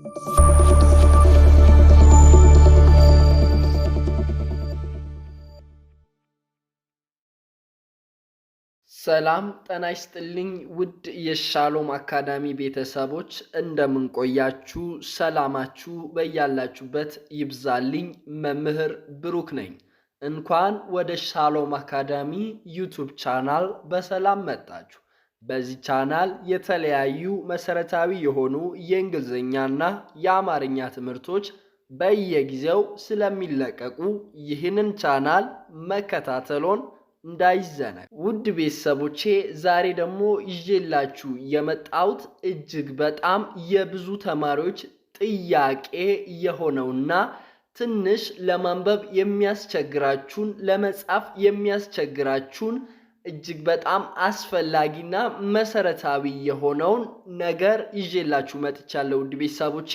ሰላም ጠና ይስጥልኝ። ውድ የሻሎም አካዳሚ ቤተሰቦች እንደምንቆያችሁ፣ ሰላማችሁ በያላችሁበት ይብዛልኝ። መምህር ብሩክ ነኝ። እንኳን ወደ ሻሎም አካዳሚ ዩቱብ ቻናል በሰላም መጣችሁ። በዚህ ቻናል የተለያዩ መሰረታዊ የሆኑ የእንግሊዝኛና የአማርኛ ትምህርቶች በየጊዜው ስለሚለቀቁ ይህንን ቻናል መከታተሎን እንዳይዘነግ። ውድ ቤተሰቦቼ ዛሬ ደግሞ ይዤላችሁ የመጣሁት እጅግ በጣም የብዙ ተማሪዎች ጥያቄ የሆነውና ትንሽ ለማንበብ የሚያስቸግራችሁን ለመጻፍ የሚያስቸግራችሁን እጅግ በጣም አስፈላጊና መሰረታዊ የሆነውን ነገር ይዤላችሁ መጥቻለሁ። ውድ ቤተሰቦቼ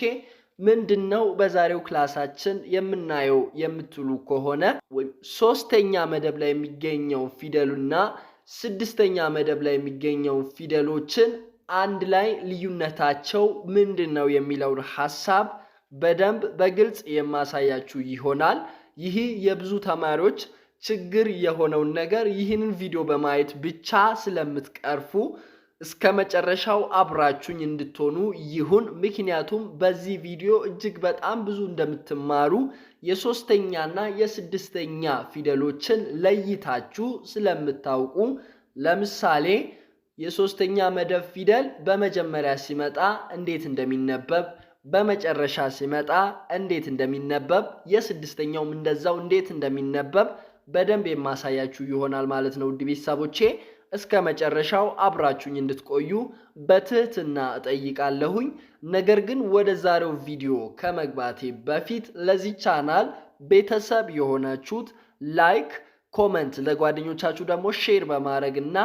ምንድን ነው በዛሬው ክላሳችን የምናየው የምትሉ ከሆነ ሶስተኛ መደብ ላይ የሚገኘው ፊደሉና ስድስተኛ መደብ ላይ የሚገኘው ፊደሎችን አንድ ላይ ልዩነታቸው ምንድን ነው የሚለውን ሀሳብ በደንብ በግልጽ የማሳያችሁ ይሆናል። ይህ የብዙ ተማሪዎች ችግር የሆነውን ነገር ይህንን ቪዲዮ በማየት ብቻ ስለምትቀርፉ እስከ መጨረሻው አብራችሁኝ እንድትሆኑ ይሁን። ምክንያቱም በዚህ ቪዲዮ እጅግ በጣም ብዙ እንደምትማሩ የሶስተኛና የስድስተኛ ፊደሎችን ለይታችሁ ስለምታውቁ ለምሳሌ የሶስተኛ መደብ ፊደል በመጀመሪያ ሲመጣ እንዴት እንደሚነበብ በመጨረሻ ሲመጣ እንዴት እንደሚነበብ የስድስተኛውም እንደዛው እንዴት እንደሚነበብ በደንብ የማሳያችሁ ይሆናል ማለት ነው። ውድ ቤተሰቦቼ እስከ መጨረሻው አብራችሁኝ እንድትቆዩ በትህትና እጠይቃለሁኝ። ነገር ግን ወደ ዛሬው ቪዲዮ ከመግባቴ በፊት ለዚህ ቻናል ቤተሰብ የሆናችሁት ላይክ፣ ኮመንት ለጓደኞቻችሁ ደግሞ ሼር በማድረግ እና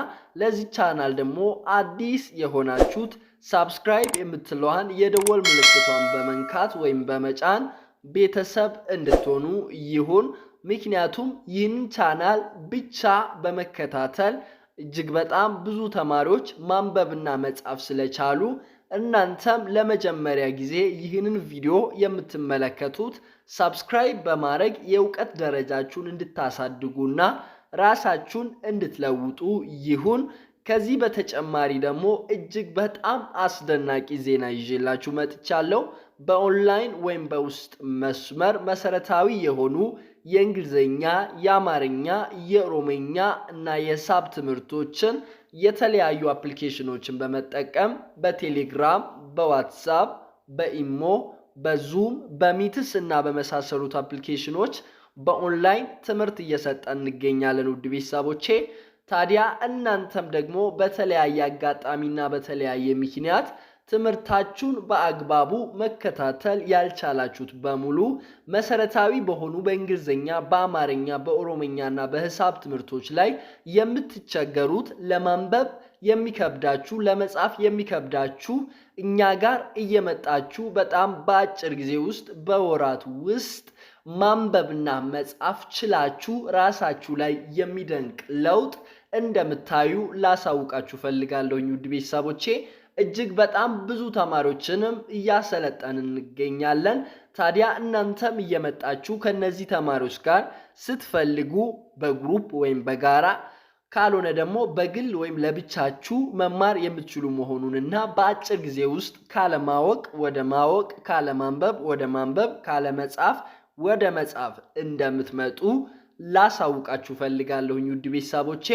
ለዚህ ቻናል ደግሞ አዲስ የሆናችሁት ሳብስክራይብ የምትለዋን የደወል ምልክቷን በመንካት ወይም በመጫን ቤተሰብ እንድትሆኑ ይሁን። ምክንያቱም ይህንን ቻናል ብቻ በመከታተል እጅግ በጣም ብዙ ተማሪዎች ማንበብና መጻፍ ስለቻሉ እናንተም ለመጀመሪያ ጊዜ ይህንን ቪዲዮ የምትመለከቱት ሳብስክራይብ በማድረግ የእውቀት ደረጃችሁን እንድታሳድጉና ራሳችሁን እንድትለውጡ ይሁን። ከዚህ በተጨማሪ ደግሞ እጅግ በጣም አስደናቂ ዜና ይዤላችሁ መጥቻለሁ። በኦንላይን ወይም በውስጥ መስመር መሰረታዊ የሆኑ የእንግሊዝኛ፣ የአማርኛ፣ የኦሮምኛ እና የሂሳብ ትምህርቶችን የተለያዩ አፕሊኬሽኖችን በመጠቀም በቴሌግራም፣ በዋትሳፕ፣ በኢሞ፣ በዙም፣ በሚትስ እና በመሳሰሉት አፕሊኬሽኖች በኦንላይን ትምህርት እየሰጠ እንገኛለን። ውድ ቤተሰቦቼ ታዲያ እናንተም ደግሞ በተለያየ አጋጣሚና በተለያየ ምክንያት ትምህርታችሁን በአግባቡ መከታተል ያልቻላችሁት በሙሉ መሰረታዊ በሆኑ በእንግሊዝኛ፣ በአማርኛ፣ በኦሮምኛና በሂሳብ ትምህርቶች ላይ የምትቸገሩት ለማንበብ የሚከብዳችሁ ለመጻፍ የሚከብዳችሁ እኛ ጋር እየመጣችሁ በጣም በአጭር ጊዜ ውስጥ በወራት ውስጥ ማንበብና መጻፍ ችላችሁ ራሳችሁ ላይ የሚደንቅ ለውጥ እንደምታዩ ላሳውቃችሁ ፈልጋለሁኝ ውድ ቤተሰቦቼ። እጅግ በጣም ብዙ ተማሪዎችንም እያሰለጠን እንገኛለን። ታዲያ እናንተም እየመጣችሁ ከነዚህ ተማሪዎች ጋር ስትፈልጉ በግሩፕ ወይም በጋራ ካልሆነ ደግሞ በግል ወይም ለብቻችሁ መማር የምትችሉ መሆኑንና በአጭር ጊዜ ውስጥ ካለማወቅ ወደ ማወቅ፣ ካለማንበብ ወደ ማንበብ፣ ካለመጻፍ ወደ መጻፍ እንደምትመጡ ላሳውቃችሁ ፈልጋለሁኝ ውድ ቤተሰቦቼ።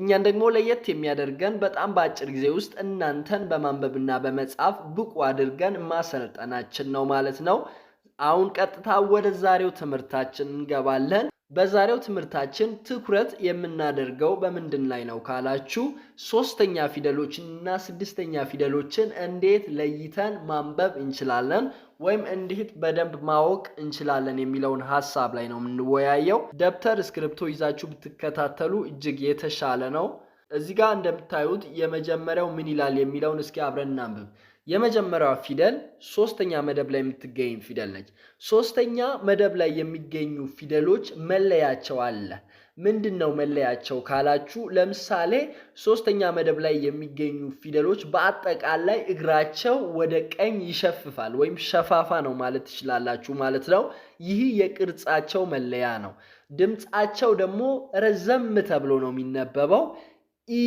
እኛን ደግሞ ለየት የሚያደርገን በጣም በአጭር ጊዜ ውስጥ እናንተን በማንበብና በመጻፍ ብቁ አድርገን ማሰልጠናችን ነው ማለት ነው። አሁን ቀጥታ ወደ ዛሬው ትምህርታችን እንገባለን። በዛሬው ትምህርታችን ትኩረት የምናደርገው በምንድን ላይ ነው ካላችሁ ሶስተኛ ፊደሎችን እና ስድስተኛ ፊደሎችን እንዴት ለይተን ማንበብ እንችላለን ወይም እንዴት በደንብ ማወቅ እንችላለን የሚለውን ሀሳብ ላይ ነው የምንወያየው። ደብተር እስክሪብቶ ይዛችሁ ብትከታተሉ እጅግ የተሻለ ነው። እዚህ ጋር እንደምታዩት የመጀመሪያው ምን ይላል የሚለውን እስኪ አብረን እናንብብ። የመጀመሪያዋ ፊደል ሶስተኛ መደብ ላይ የምትገኝ ፊደል ነች። ሶስተኛ መደብ ላይ የሚገኙ ፊደሎች መለያቸው አለ። ምንድን ነው መለያቸው ካላችሁ፣ ለምሳሌ ሶስተኛ መደብ ላይ የሚገኙ ፊደሎች በአጠቃላይ እግራቸው ወደ ቀኝ ይሸፍፋል ወይም ሸፋፋ ነው ማለት ትችላላችሁ ማለት ነው። ይህ የቅርጻቸው መለያ ነው። ድምፃቸው ደግሞ ረዘም ተብሎ ነው የሚነበበው። ኢ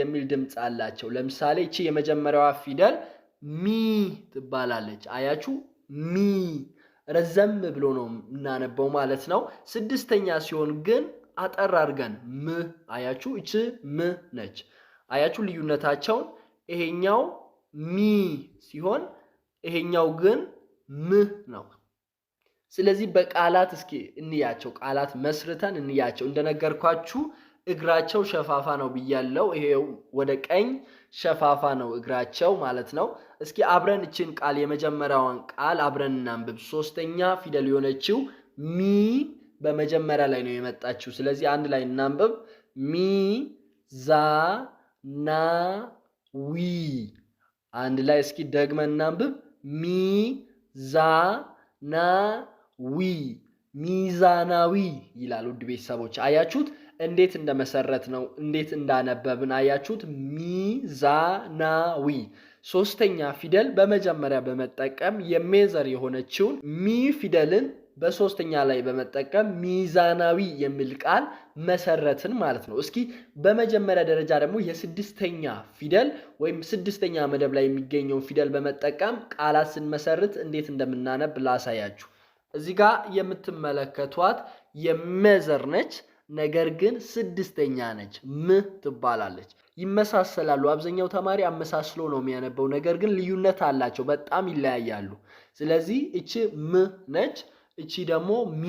የሚል ድምፅ አላቸው። ለምሳሌ ቺ የመጀመሪያዋ ፊደል ሚ ትባላለች። አያችሁ ሚ ረዘም ብሎ ነው እናነበው ማለት ነው። ስድስተኛ ሲሆን ግን አጠር አድርገን ም አያችሁ፣ እች ም ነች። አያችሁ ልዩነታቸውን። ይሄኛው ሚ ሲሆን ይሄኛው ግን ም ነው። ስለዚህ በቃላት እስኪ እንያቸው፣ ቃላት መስርተን እንያቸው። እንደነገርኳችሁ እግራቸው ሸፋፋ ነው ብያለው። ይሄው ወደ ቀኝ ሸፋፋ ነው እግራቸው ማለት ነው። እስኪ አብረን እችን ቃል የመጀመሪያውን ቃል አብረን እናንብብ። ሶስተኛ ፊደል የሆነችው ሚ በመጀመሪያ ላይ ነው የመጣችው። ስለዚህ አንድ ላይ እናንብብ። ዊ አንድ ላይ እስኪ ደግመን እናንብብ። ሚዛናዊ ሚዛናዊ ይላል። ውድ ቤተሰቦች አያችሁት እንዴት እንደመሰረት ነው እንዴት እንዳነበብን አያችሁት። ሚዛናዊ ሶስተኛ ፊደል በመጀመሪያ በመጠቀም የሜዘር የሆነችውን ሚ ፊደልን በሶስተኛ ላይ በመጠቀም ሚዛናዊ የሚል ቃል መሰረትን ማለት ነው። እስኪ በመጀመሪያ ደረጃ ደግሞ የስድስተኛ ፊደል ወይም ስድስተኛ መደብ ላይ የሚገኘውን ፊደል በመጠቀም ቃላት ስንመሰርት እንዴት እንደምናነብ ላሳያችሁ። እዚህ ጋ የምትመለከቷት የሜዘር ነች፣ ነገር ግን ስድስተኛ ነች፣ ም ትባላለች። ይመሳሰላሉ። አብዛኛው ተማሪ አመሳስሎ ነው የሚያነበው፣ ነገር ግን ልዩነት አላቸው፣ በጣም ይለያያሉ። ስለዚህ እቺ ም ነች፣ እቺ ደግሞ ሚ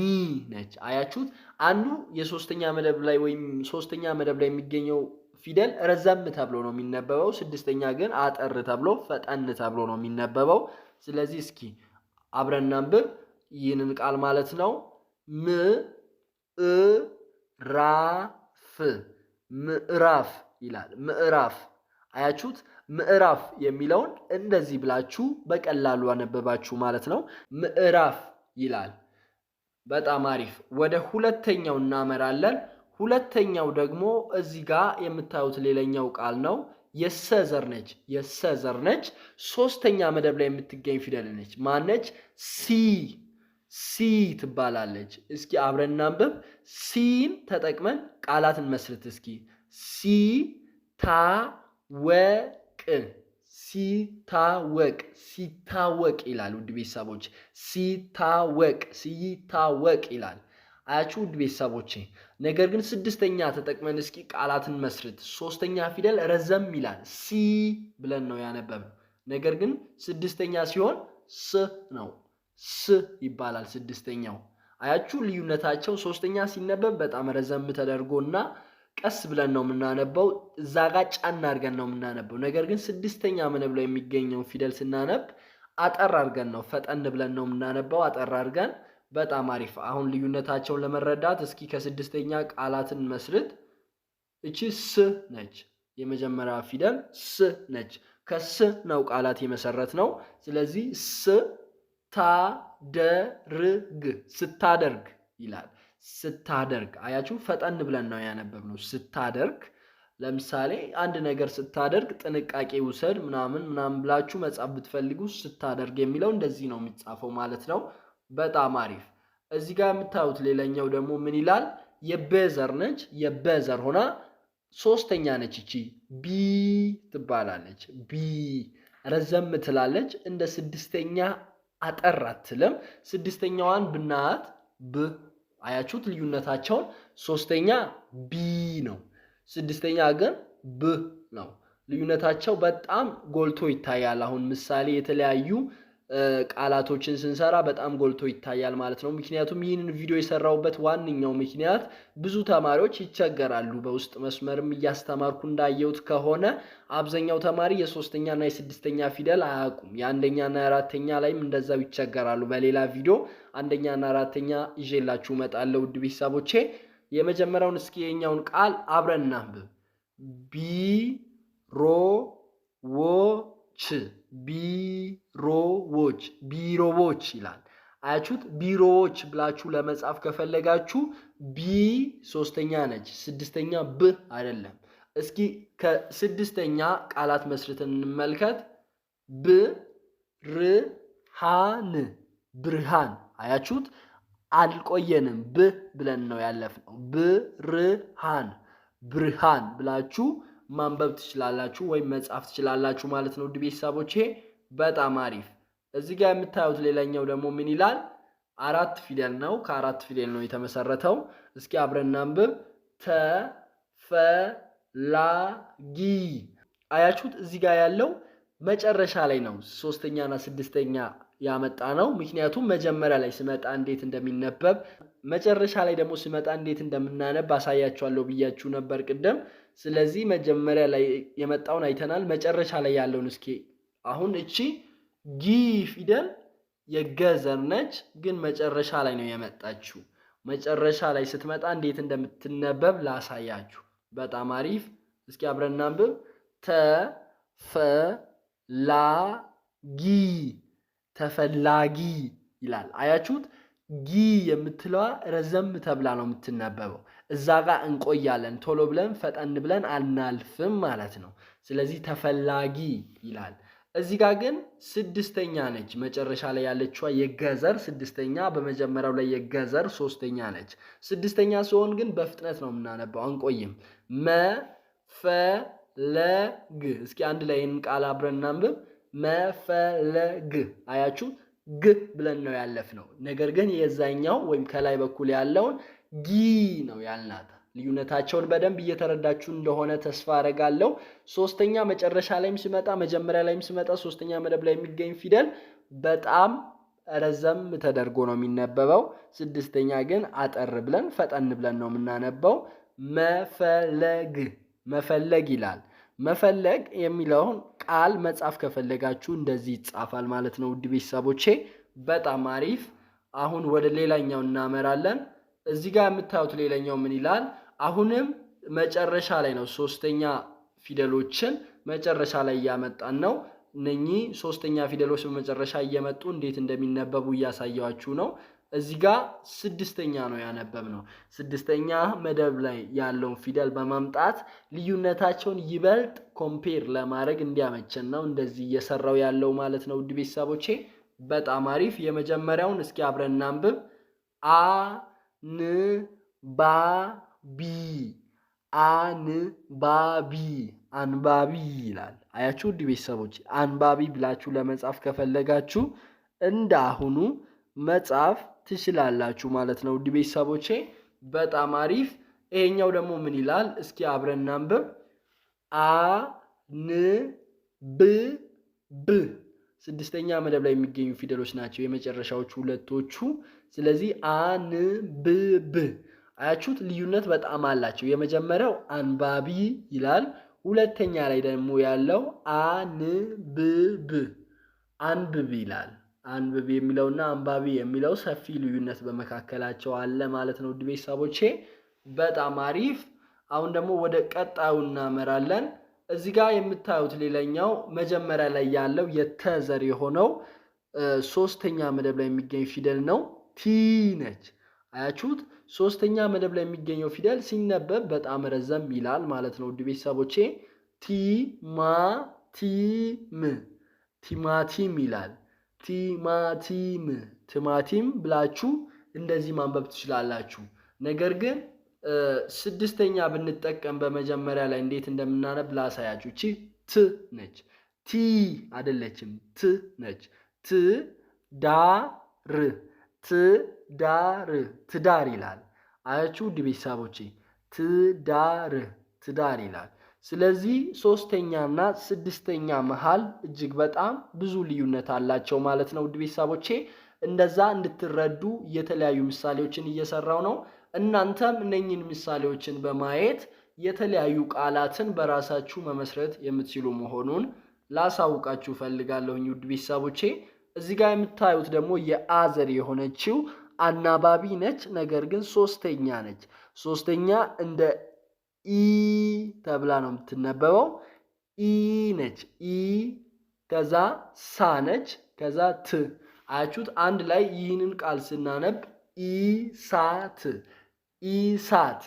ነች። አያችሁት? አንዱ የሶስተኛ መደብ ላይ ወይም ሶስተኛ መደብ ላይ የሚገኘው ፊደል ረዘም ተብሎ ነው የሚነበበው፣ ስድስተኛ ግን አጠር ተብሎ ፈጠን ተብሎ ነው የሚነበበው። ስለዚህ እስኪ አብረን እናንብብ ይህንን ቃል ማለት ነው ምእራፍ ምዕራፍ ይላል። ምዕራፍ አያችሁት? ምዕራፍ የሚለውን እንደዚህ ብላችሁ በቀላሉ አነበባችሁ ማለት ነው። ምዕራፍ ይላል። በጣም አሪፍ። ወደ ሁለተኛው እናመራለን። ሁለተኛው ደግሞ እዚህ ጋር የምታዩት ሌላኛው ቃል ነው። የሰዘር ነች። የሰዘር ነች። ሶስተኛ መደብ ላይ የምትገኝ ፊደል ነች። ማነች? ሲ ሲ ትባላለች። እስኪ አብረን እናንብብ። ሲን ተጠቅመን ቃላትን መስርት እስኪ ሲታወቅ ሲታወቅ ሲታወቅ ይላል። ውድ ቤተሰቦች ሲታወቅ ሲታወቅ ይላል። አያችሁ ውድ ቤተሰቦቼ፣ ነገር ግን ስድስተኛ ተጠቅመን እስኪ ቃላትን መስርት። ሶስተኛ ፊደል ረዘም ይላል። ሲ ብለን ነው ያነበብነው። ነገር ግን ስድስተኛ ሲሆን ስ ነው፣ ስ ይባላል ስድስተኛው። አያችሁ ልዩነታቸው። ሶስተኛ ሲነበብ በጣም ረዘም ተደርጎ እና ቀስ ብለን ነው የምናነበው። እዛ ጋር ጫና አድርገን ነው የምናነበው። ነገር ግን ስድስተኛ ምን ላይ የሚገኘው ፊደል ስናነብ አጠር አድርገን ነው ፈጠን ብለን ነው የምናነበው። አጠር አድርገን በጣም አሪፍ። አሁን ልዩነታቸውን ለመረዳት እስኪ ከስድስተኛ ቃላትን መስርት። እቺ ስ ነች፣ የመጀመሪያ ፊደል ስ ነች። ከስ ነው ቃላት የመሰረት ነው። ስለዚህ ስታደርግ ስታደርግ ይላል። ስታደርግ አያችሁ፣ ፈጠን ብለን ነው ያነበብነው። ስታደርግ ለምሳሌ አንድ ነገር ስታደርግ ጥንቃቄ ውሰድ ምናምን ምናምን ብላችሁ መጻፍ ብትፈልጉ ስታደርግ የሚለው እንደዚህ ነው የሚጻፈው ማለት ነው። በጣም አሪፍ። እዚህ ጋር የምታዩት ሌላኛው ደግሞ ምን ይላል? የበዘር ነች። የበዘር ሆና ሶስተኛ ነች። እቺ ቢ ትባላለች። ቢ ረዘም ትላለች። እንደ ስድስተኛ አጠር አትልም። ስድስተኛዋን ብናያት ብ አያችሁት ልዩነታቸውን። ሶስተኛ ቢ ነው። ስድስተኛ ግን ብ ነው። ልዩነታቸው በጣም ጎልቶ ይታያል። አሁን ምሳሌ የተለያዩ ቃላቶችን ስንሰራ በጣም ጎልቶ ይታያል ማለት ነው። ምክንያቱም ይህንን ቪዲዮ የሰራሁበት ዋነኛው ምክንያት ብዙ ተማሪዎች ይቸገራሉ። በውስጥ መስመርም እያስተማርኩ እንዳየሁት ከሆነ አብዛኛው ተማሪ የሶስተኛና የስድስተኛ ፊደል አያውቁም። የአንደኛና የአራተኛ ላይም እንደዛው ይቸገራሉ። በሌላ ቪዲዮ አንደኛና አራተኛ ይዤላችሁ እመጣለሁ። ውድ ቤተሰቦቼ የመጀመሪያውን እስኪ የኛውን ቃል አብረን እናንብብ ቢሮ ቢሮዎች ቢሮዎች ይላል። አያችሁት? ቢሮዎች ብላችሁ ለመጻፍ ከፈለጋችሁ ቢ ሶስተኛ ነች፣ ስድስተኛ ብ አይደለም። እስኪ ከስድስተኛ ቃላት መስርተን እንመልከት። ብርሃን ብርሃን። አያችሁት? አልቆየንም። ብ ብለን ነው ያለፍነው። ብርሃን ብርሃን ብላችሁ ማንበብ ትችላላችሁ ወይም መጻፍ ትችላላችሁ ማለት ነው። ውድ ቤተሰቦቼ በጣም አሪፍ። እዚህ ጋር የምታዩት ሌላኛው ደግሞ ምን ይላል? አራት ፊደል ነው። ከአራት ፊደል ነው የተመሰረተው። እስኪ አብረን እናንብብ። ተፈላጊ አያችሁት? እዚህ ጋር ያለው መጨረሻ ላይ ነው ሶስተኛና ስድስተኛ ያመጣ ነው። ምክንያቱም መጀመሪያ ላይ ስመጣ እንዴት እንደሚነበብ መጨረሻ ላይ ደግሞ ስመጣ እንዴት እንደምናነብ አሳያችኋለሁ ብያችሁ ነበር ቅድም። ስለዚህ መጀመሪያ ላይ የመጣውን አይተናል። መጨረሻ ላይ ያለውን እስኪ አሁን እቺ ጊ ፊደል የገዘር ነች፣ ግን መጨረሻ ላይ ነው የመጣችው። መጨረሻ ላይ ስትመጣ እንዴት እንደምትነበብ ላሳያችሁ። በጣም አሪፍ። እስኪ አብረን እናንብብ። ተፈላጊ ተፈላጊ ይላል። አያችሁት? ጊ የምትለዋ ረዘም ተብላ ነው የምትነበበው። እዛ ጋር እንቆያለን። ቶሎ ብለን ፈጠን ብለን አናልፍም ማለት ነው። ስለዚህ ተፈላጊ ይላል። እዚህ ጋር ግን ስድስተኛ ነች። መጨረሻ ላይ ያለችዋ የገዘር ስድስተኛ፣ በመጀመሪያው ላይ የገዘር ሶስተኛ ነች። ስድስተኛ ሲሆን ግን በፍጥነት ነው የምናነባው፣ አንቆይም። መፈለግ። እስኪ አንድ ላይ ይህን ቃል አብረን እናንብብ። መፈለግ። አያችሁ ግ ብለን ነው ነው። ነገር ግን የዛኛው ወይም ከላይ በኩል ያለውን ጊ ነው ያልናት። ልዩነታቸውን በደንብ እየተረዳችሁ እንደሆነ ተስፋ አደርጋለሁ። ሶስተኛ መጨረሻ ላይም ሲመጣ መጀመሪያ ላይም ሲመጣ ሶስተኛ መደብ ላይ የሚገኝ ፊደል በጣም ረዘም ተደርጎ ነው የሚነበበው። ስድስተኛ ግን አጠር ብለን ፈጠን ብለን ነው የምናነበው። መፈለግ መፈለግ ይላል። መፈለግ የሚለውን ቃል መጻፍ ከፈለጋችሁ እንደዚህ ይጻፋል ማለት ነው። ውድ ቤተሰቦቼ በጣም አሪፍ። አሁን ወደ ሌላኛው እናመራለን። እዚህ ጋር የምታዩት ሌላኛው ምን ይላል? አሁንም መጨረሻ ላይ ነው። ሶስተኛ ፊደሎችን መጨረሻ ላይ እያመጣን ነው። እነኚህ ሶስተኛ ፊደሎች በመጨረሻ እየመጡ እንዴት እንደሚነበቡ እያሳያችሁ ነው። እዚህ ጋር ስድስተኛ ነው ያነበብ ነው። ስድስተኛ መደብ ላይ ያለውን ፊደል በማምጣት ልዩነታቸውን ይበልጥ ኮምፔር ለማድረግ እንዲያመቸን ነው እንደዚህ እየሰራው ያለው ማለት ነው። ውድ ቤተሰቦቼ በጣም አሪፍ። የመጀመሪያውን እስኪ አብረን እናንብብ። አ ን ባ ቢ አንባቢ አንባቢ ይላል። አያችሁ ውድ ቤተሰቦች፣ አንባቢ ብላችሁ ለመጻፍ ከፈለጋችሁ አሁኑ መጻፍ ትችላላችሁ ማለት ነው። ውድ ቤተሰቦቼ በጣም አሪፍ። ይሄኛው ደግሞ ምን ይላል? እስኪ አብረን እናንብብ። አ ን ብ ብ ስድስተኛ መደብ ላይ የሚገኙ ፊደሎች ናቸው የመጨረሻዎቹ ሁለቶቹ። ስለዚህ አንብብ። አያችሁት? ልዩነት በጣም አላቸው። የመጀመሪያው አንባቢ ይላል። ሁለተኛ ላይ ደግሞ ያለው አንብብ አንብብ ይላል። አንብብ የሚለውና አንባቢ የሚለው ሰፊ ልዩነት በመካከላቸው አለ ማለት ነው። ውድ ቤተሰቦቼ በጣም አሪፍ። አሁን ደግሞ ወደ ቀጣዩ እናመራለን። እዚህ ጋር የምታዩት ሌላኛው መጀመሪያ ላይ ያለው የተዘር የሆነው ሶስተኛ መደብ ላይ የሚገኝ ፊደል ነው። ቲ ነች። አያችሁት? ሶስተኛ መደብ ላይ የሚገኘው ፊደል ሲነበብ በጣም ረዘም ይላል ማለት ነው። ውድ ቤተሰቦቼ ቲማቲም ቲማቲም ይላል። ቲማቲም ቲማቲም ብላችሁ እንደዚህ ማንበብ ትችላላችሁ። ነገር ግን ስድስተኛ ብንጠቀም በመጀመሪያ ላይ እንዴት እንደምናነብ ላሳያችሁ። ቺ ት ነች፣ ቲ አደለችም፣ ት ነች። ት ዳር ት ዳር ትዳር ይላል። አያችሁ ውድ ቤተሰቦቼ፣ ትዳር ትዳር ይላል። ስለዚህ ሶስተኛና ስድስተኛ መሃል እጅግ በጣም ብዙ ልዩነት አላቸው ማለት ነው። ውድ ቤተሰቦቼ እንደዛ እንድትረዱ የተለያዩ ምሳሌዎችን እየሰራው ነው። እናንተም እነኝን ምሳሌዎችን በማየት የተለያዩ ቃላትን በራሳችሁ መመስረት የምትችሉ መሆኑን ላሳውቃችሁ ፈልጋለሁኝ። ውድ ቤተሰቦቼ እዚህ ጋር የምታዩት ደግሞ የአዘር የሆነችው አናባቢ ነች፣ ነገር ግን ሶስተኛ ነች። ሶስተኛ እንደ ኢ ተብላ ነው የምትነበበው። ኢ ነች። ኢ ከዛ ሳ ነች። ከዛ ት አያችሁት? አንድ ላይ ይህንን ቃል ስናነብ ኢሳት ኢሳት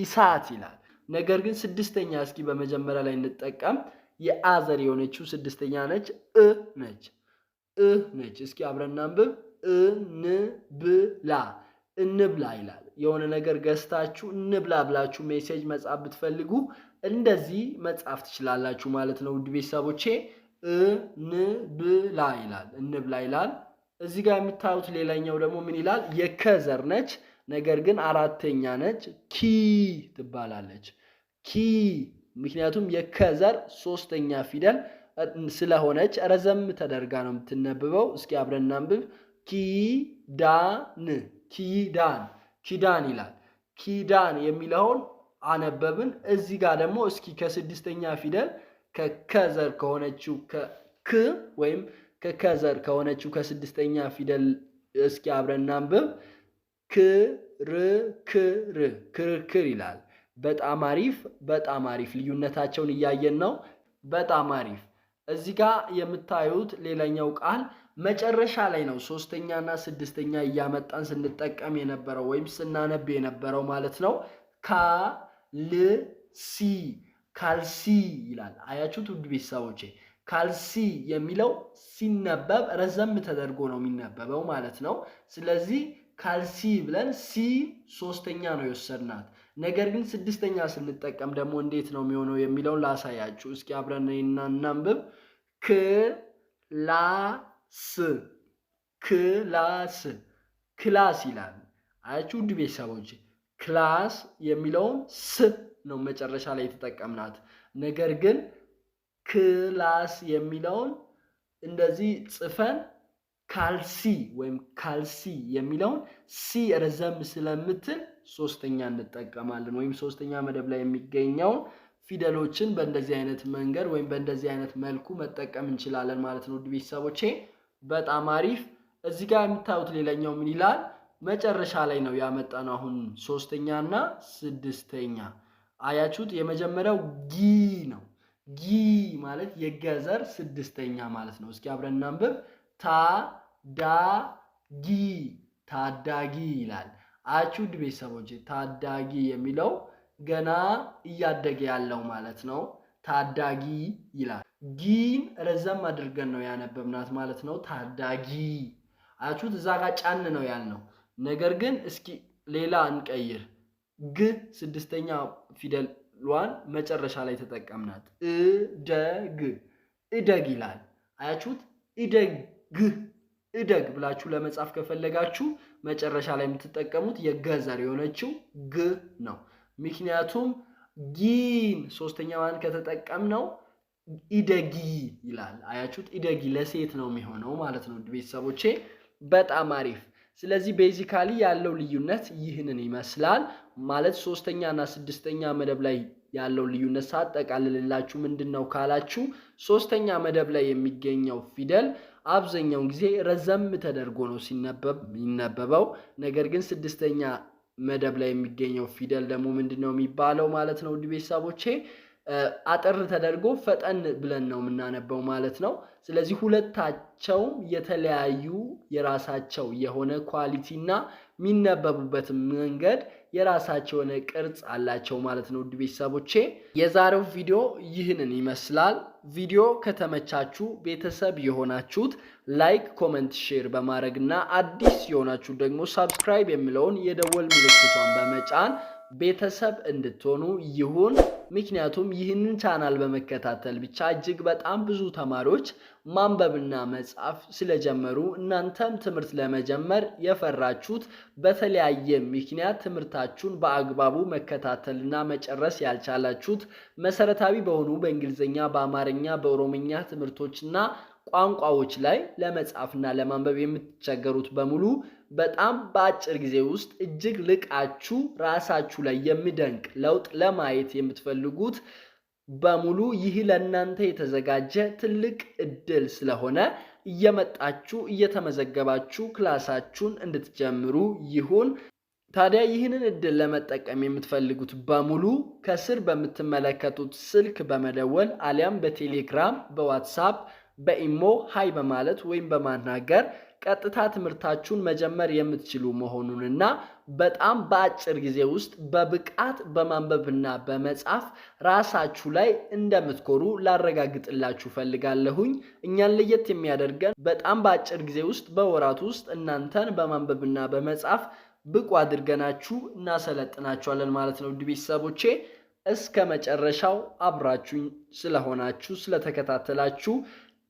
ኢሳት ይላል። ነገር ግን ስድስተኛ እስኪ በመጀመሪያ ላይ እንጠቀም። የአዘር የሆነችው ስድስተኛ ነች። እ ነች እ ነች። እስኪ አብረን እናንብብ። እንብላ እንብላ ይላል። የሆነ ነገር ገዝታችሁ እንብላ ብላችሁ ሜሴጅ መጻፍ ብትፈልጉ እንደዚህ መጻፍ ትችላላችሁ ማለት ነው። ውድ ቤተሰቦቼ እንብላ ይላል፣ እንብላ ይላል። እዚህ ጋር የምታዩት ሌላኛው ደግሞ ምን ይላል? የከዘር ነች፣ ነገር ግን አራተኛ ነች። ኪ ትባላለች። ኪ ምክንያቱም የከዘር ሶስተኛ ፊደል ስለሆነች ረዘም ተደርጋ ነው የምትነበበው። እስኪ አብረን እናንብብ። ኪዳን ኪዳን ኪዳን ይላል። ኪዳን የሚለውን አነበብን። እዚህ ጋር ደግሞ እስኪ ከስድስተኛ ፊደል ከከዘር ከሆነችው ከክ ወይም ከከዘር ከሆነችው ከስድስተኛ ፊደል እስኪ አብረን እናንብብ። ክርክር ክርክር ይላል። በጣም አሪፍ በጣም አሪፍ። ልዩነታቸውን እያየን ነው። በጣም አሪፍ። እዚህ ጋር የምታዩት ሌላኛው ቃል መጨረሻ ላይ ነው ሶስተኛና ስድስተኛ እያመጣን ስንጠቀም የነበረው ወይም ስናነብ የነበረው ማለት ነው። ካልሲ ካልሲ ይላል። አያችሁት ውድ ቤተሰቦቼ ካልሲ የሚለው ሲነበብ ረዘም ተደርጎ ነው የሚነበበው ማለት ነው። ስለዚህ ካልሲ ብለን ሲ ሶስተኛ ነው የወሰድናት። ነገር ግን ስድስተኛ ስንጠቀም ደግሞ እንዴት ነው የሚሆነው የሚለውን ላሳያችሁ። እስኪ አብረን እናንብብ ክላ ስ ክላስ ክላስ ይላል። አያችሁ ውድ ቤተሰቦች ክላስ የሚለውን ስ ነው መጨረሻ ላይ የተጠቀምናት። ነገር ግን ክላስ የሚለውን እንደዚህ ጽፈን ካልሲ ወይም ካልሲ የሚለውን ሲ ረዘም ስለምትል ሶስተኛ እንጠቀማለን። ወይም ሶስተኛ መደብ ላይ የሚገኘውን ፊደሎችን በእንደዚህ አይነት መንገድ ወይም በእንደዚህ አይነት መልኩ መጠቀም እንችላለን ማለት ነው ውድ ቤተሰቦቼ። በጣም አሪፍ። እዚህ ጋር የምታዩት ሌላኛው ምን ይላል? መጨረሻ ላይ ነው ያመጣነው። አሁን ሶስተኛ እና ስድስተኛ አያችሁት። የመጀመሪያው ጊ ነው። ጊ ማለት የገዘር ስድስተኛ ማለት ነው። እስኪ አብረን እናንብብ። ታዳጊ ታዳጊ ይላል። አያችሁ ውድ ቤተሰቦች ታዳጊ የሚለው ገና እያደገ ያለው ማለት ነው። ታዳጊ ይላል። ጊን ረዘም አድርገን ነው ያነበብናት ማለት ነው። ታዳጊ አያችሁት? እዛ ጋር ጫን ነው ያልነው። ነገር ግን እስኪ ሌላ እንቀይር። ግ ስድስተኛ ፊደልዋን መጨረሻ ላይ ተጠቀምናት። እደግ እደግ ይላል። አያችሁት? እደግ እደግ ብላችሁ ለመጻፍ ከፈለጋችሁ መጨረሻ ላይ የምትጠቀሙት የገዘር የሆነችው ግ ነው። ምክንያቱም ጊን ሶስተኛዋን ከተጠቀምነው ኢደጊ ይላል። አያችሁት? ኢደጊ ለሴት ነው የሚሆነው ማለት ነው ቤተሰቦቼ። በጣም አሪፍ። ስለዚህ ቤዚካሊ ያለው ልዩነት ይህንን ይመስላል ማለት ሶስተኛ እና ስድስተኛ መደብ ላይ ያለው ልዩነት ሳጠቃልልላችሁ ምንድን ነው ካላችሁ ሶስተኛ መደብ ላይ የሚገኘው ፊደል አብዛኛውን ጊዜ ረዘም ተደርጎ ነው ሲነበብ የሚነበበው። ነገር ግን ስድስተኛ መደብ ላይ የሚገኘው ፊደል ደግሞ ምንድን ነው የሚባለው ማለት ነው ውድ ቤተሰቦቼ አጠር ተደርጎ ፈጠን ብለን ነው የምናነበው ማለት ነው። ስለዚህ ሁለታቸውም የተለያዩ የራሳቸው የሆነ ኳሊቲ እና የሚነበቡበት መንገድ የራሳቸው የሆነ ቅርጽ አላቸው ማለት ነው። ውድ ቤተሰቦቼ የዛሬው ቪዲዮ ይህንን ይመስላል። ቪዲዮ ከተመቻችሁ ቤተሰብ የሆናችሁት ላይክ፣ ኮመንት፣ ሼር በማድረግ እና አዲስ የሆናችሁ ደግሞ ሳብስክራይብ የሚለውን የደወል ምልክቷን በመጫን ቤተሰብ እንድትሆኑ ይሁን። ምክንያቱም ይህንን ቻናል በመከታተል ብቻ እጅግ በጣም ብዙ ተማሪዎች ማንበብና መጻፍ ስለጀመሩ እናንተም ትምህርት ለመጀመር የፈራችሁት በተለያየ ምክንያት ትምህርታችሁን በአግባቡ መከታተልና መጨረስ ያልቻላችሁት መሰረታዊ በሆኑ በእንግሊዝኛ፣ በአማርኛ፣ በኦሮምኛ ትምህርቶችና ቋንቋዎች ላይ ለመጻፍና ለማንበብ የምትቸገሩት በሙሉ በጣም በአጭር ጊዜ ውስጥ እጅግ ልቃችሁ ራሳችሁ ላይ የሚደንቅ ለውጥ ለማየት የምትፈልጉት በሙሉ ይህ ለእናንተ የተዘጋጀ ትልቅ እድል ስለሆነ እየመጣችሁ እየተመዘገባችሁ ክላሳችሁን እንድትጀምሩ ይሁን። ታዲያ ይህንን እድል ለመጠቀም የምትፈልጉት በሙሉ ከስር በምትመለከቱት ስልክ በመደወል አሊያም በቴሌግራም በዋትሳፕ በኢሞ ሀይ በማለት ወይም በማናገር ቀጥታ ትምህርታችሁን መጀመር የምትችሉ መሆኑንና በጣም በአጭር ጊዜ ውስጥ በብቃት በማንበብና በመጻፍ ራሳችሁ ላይ እንደምትኮሩ ላረጋግጥላችሁ ፈልጋለሁኝ። እኛን ለየት የሚያደርገን በጣም በአጭር ጊዜ ውስጥ በወራት ውስጥ እናንተን በማንበብና በመጻፍ ብቁ አድርገናችሁ እናሰለጥናችኋለን ማለት ነው። ውድ ቤተሰቦቼ እስከ መጨረሻው አብራችሁኝ ስለሆናችሁ ስለተከታተላችሁ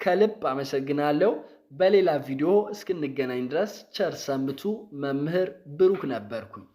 ከልብ አመሰግናለሁ። በሌላ ቪዲዮ እስክንገናኝ ድረስ ቸር ሰንብቱ። መምህር ብሩክ ነበርኩኝ።